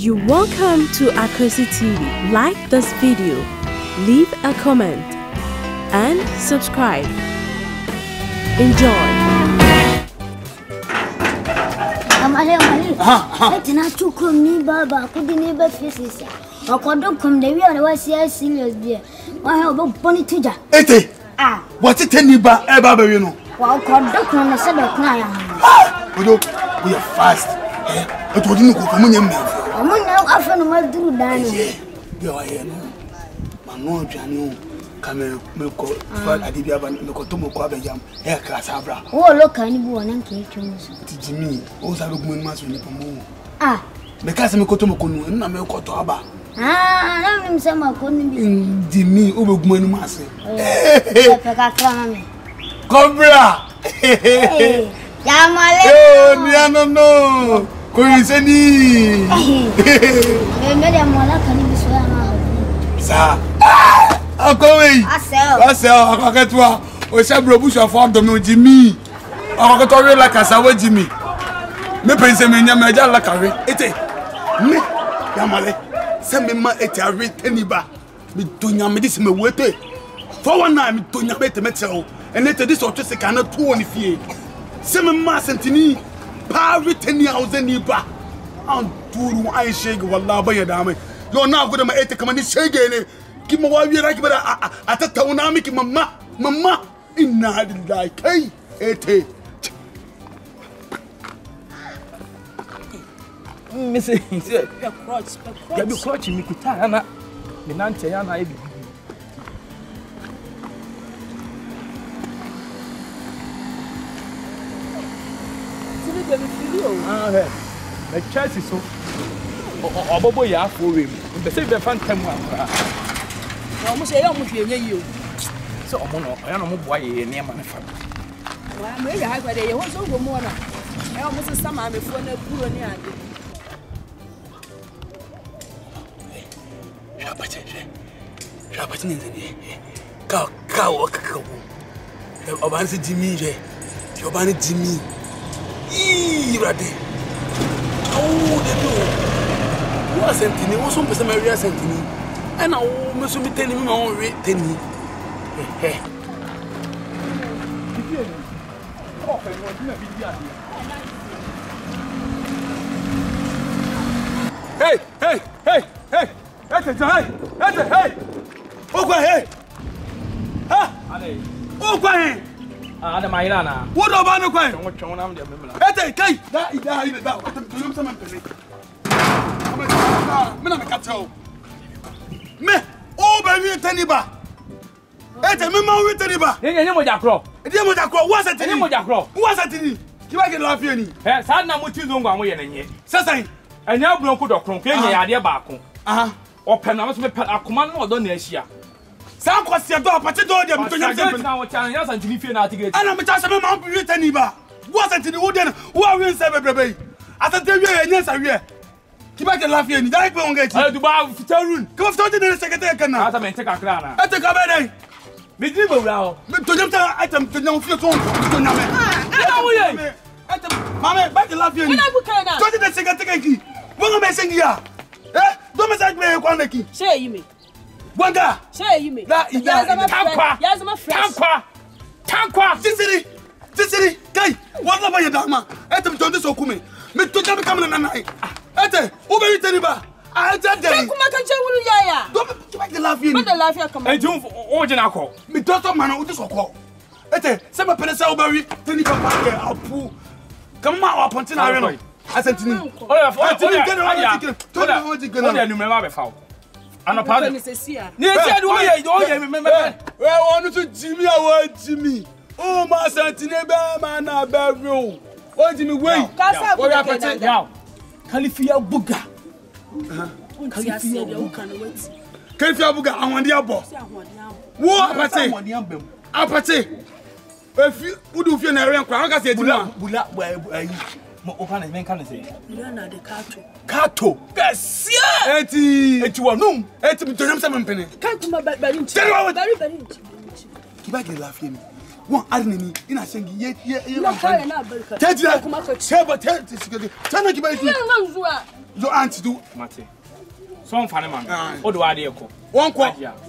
You welcome to Akosi TV. Like this video, leave a comment, and subscribe. Enjoy. amale amale eti na chukwu ni baba kudi ni be fisisa okodo kum de wi ona wasi serious bi wa he obo boni tija ete ah wati teni ba e ba be wi no wa okodo kum na se be kuna Ah. odo we are fast eh eto odi ni ko fo munyem me ɛmo na afa no maduru daa no bia wayɛ no mano aduane o ka mekɔ ah. fa ade bi aba mekɔtɔ mɔkɔ abɛgyam ɛyɛ kra saa bra wowɔ loka no bi wɔ na nka ɛtwa mu so nti gyimi wo saa bɛguma no ma so nnipa mu o meka sɛ mekɔtɔ mɔkɔ no ɛno na mekɔtɔ aba na menim sɛ mɔkɔ no bi gyimi wobɛguma no mu ase pɛ kakra ma me kɔbra yamale nuano no Koyiseni. Meme de mola kani bisoya ma. Sa. Ọkọ wei. Asel. Asel ọkọ ketewa. O se bro bush of farm domi oji mi. Ọkọ ketewa we la kasa we ji mi. Me pense me nya me ja la kawe. Ete. Me ya male. Se me ma ete awe teniba. Me donya me dis me wete. Fo wana me donya me te me tell. Ene te dis o twese kana tuwo ni fie. Se sentini fari ta ni a zan ni an turu an shege wallahi bai da mai yau na gudu ma ita kamar ni shege ne ki ma wa biyar ki bada a tattauna miki mamma mamma inna lillahi kai ete Missy, you're crutch, you're crutch. You're crutch, Mikitana. Minante, Yana, Ebi. na ah, chelsea so ọbọbọ yà afọ rẹ mu mpẹsẹ bẹ fa ntẹ mu akora. na ọmọ sẹ ẹ yẹ o. sẹ ọmọ nọ ọyọ na ọmọ bọ ayẹ yẹ nneema ne fa. wàá mẹ yà ágbà dẹ yẹ wọn sọ wọn mu ọ̀nà ẹ ọmọ sẹ sá maame fún ọ náà búrò ní adé. hwẹ abakyẹ hwẹ hwẹ abakyẹ ní nsẹmí yẹ ká ká wọ kaka wọ ọba ní sẹ jimmy hwẹ ọba ní jimmy. Irade. Oh, they do. Who are sentini? Who some person marry sentini? And now, me so me teni me ma on re teni. Hehe. Oh, I want to be here. hey, hey, hey, hey, ẹtẹ jẹ hey, ẹtẹ hey, ó gbà hey, ha, ó gbà hey adam ayi lana. wo dɔ b'a ne kɔ ye. tɔn tɔn n'an jɛ min bila. e tɛ kayi. da i da ayi de da o tɛ tɔn nimisa ma tɛmɛ. n bɛna Me, ka tɛ o. mɛ o bɛ wi tɛ ni ba. e tɛ min ma wi tɛ ni ba. ne ye ne mɔ jakɔrɔ. e ye mɔ jakɔrɔ wasa tini. ne mɔ jakɔrɔ. wasa tini. k'i b'a kɛ lafiya ni. ɛ saa na mo ti zon gan mo yɛlɛ n ye. sisan. ɛ n y'a bulon ko dɔ kɔn k'e ɲɛ y'a deɛ baako. me na a bɛ sɔn akoma n'o dɔn n'e siya saa nkɔsiɛ dɔ apɔtɛ dɔw de muto nyam sɛn pɛn ɛna mi kya sɛ mi maa mi tɛ ni ba wo asɛntini wo den wo awi nsɛ bebrebe yi asɛntini wiye yɛ nyɛ nsa wiye kiba tɛ lafiya ni jaa ikpe wɔn kɛ ci. ayi duba fitarun. kaba fitarun tɛ ne sɛgɛtɛ na. a ta mɛ n tɛ ka kila na. e tɛ ka bɛ dɛ. mi bɛ wula o. tɔnjɛ tɛ a tɛ tɔnjɛ fiye tɔn tɔnjɛ mɛ. ɛ ka wuli ye. maame ba kɛ ki. Wanga! Shey La ida tankwa! Tankwa! Tankwa! Sisiri! Sisiri! Kai! Wanga ba yeda ma. Ete mtonde so kume. Me tuta me kamna nanai. Ete ube yite ni ba. A ete deli. Kai kuma kan che wulu yaya. Do me kiba de lafiya ni. Me de lafiya kama. Ete un o je na ko. Me doto mana uti so ko. Ete se me pele se obawi teni ka pa ke apu. Kama wa ponti na re no. Asentini. Oya fo. Ete ni gena wa tikere. Tola wa tikere. Oya numero wa be fa o anapa de. ní etí ẹni wọ́n yẹ wọ́n yẹ mi mẹ́mẹ́. ẹ wọn tún jí mi àwọn jí mi ó máa sàǹtìní bẹ́ẹ̀ máa nà bẹ́ẹ̀ rí o ó jí mi wéyì wọ́n yà pẹ̀tẹ́. kalifiya buga uh-huh. kalifiya buga kalifiya buga ahọ́ndíà bọ̀ wó apàtẹ apàtẹ efi wúdi òfin náà rẹ̀ nkura wọn kà sí ẹ̀dínlá. bula bula ẹ̀yìn. Eh, eh, eh, mo o kan men kan sɛ million na de kato kato kɛseɛ eti eti wɔ num eti mi tɔnyam sɛ mi mpene kato ma bari nti tɛri wa bari bari nti k'i b'a kɛ lafiya mi wọn ari nini i na sɛngi ye ye ye ma fɔ ye tɛ ti la tɛ bɔ tɛ ti sigi tɛ na k'i b'a ye ti yɔ an ti du. mate sɔn fa ne ma o de b'a de ye kɔ. wọn kɔ.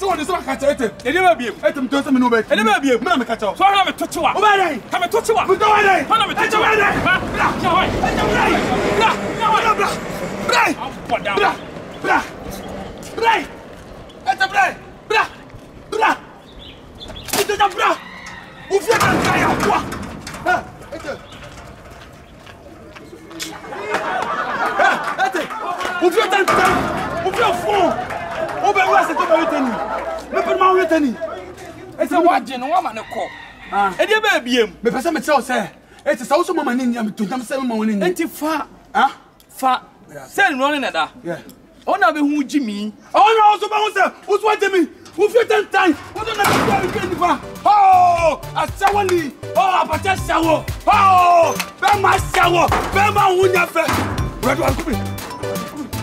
sɛ wɔde sɛ maka kyɛw ɛtɛm ɛdeɛ bɛ biem ɛtɛm tɔ sɛ mene wobɛti ɛdeɛ bɛ biem mena meka kyɛw so ɔhana metoto a wobɛ dɛn ka metoto a metɔ wɛ dɛn hana metoto wɛ dɛn bra bra bra bra bra bra bra bra bra sani. ɛsɛ wagye no wama ne kɔ ɛdeɛ bɛɛ biam mepɛ sɛ mekyerɛ wo sɛ ɛti sɛ wo so mama ne nyam tontam sɛ mema wo ne nyi ɛnti fa fa sɛ nnuro ne ne da ɔna bɛhu gye mi ɔna wo so bɛhu sɛ wo so agye mi wofie tantan wodo na bɛbiaɛdwa nipa asɛwɔ ni apata sɛwɔ bɛma sɛwɔ bɛma wo nya fɛ wurade wankobi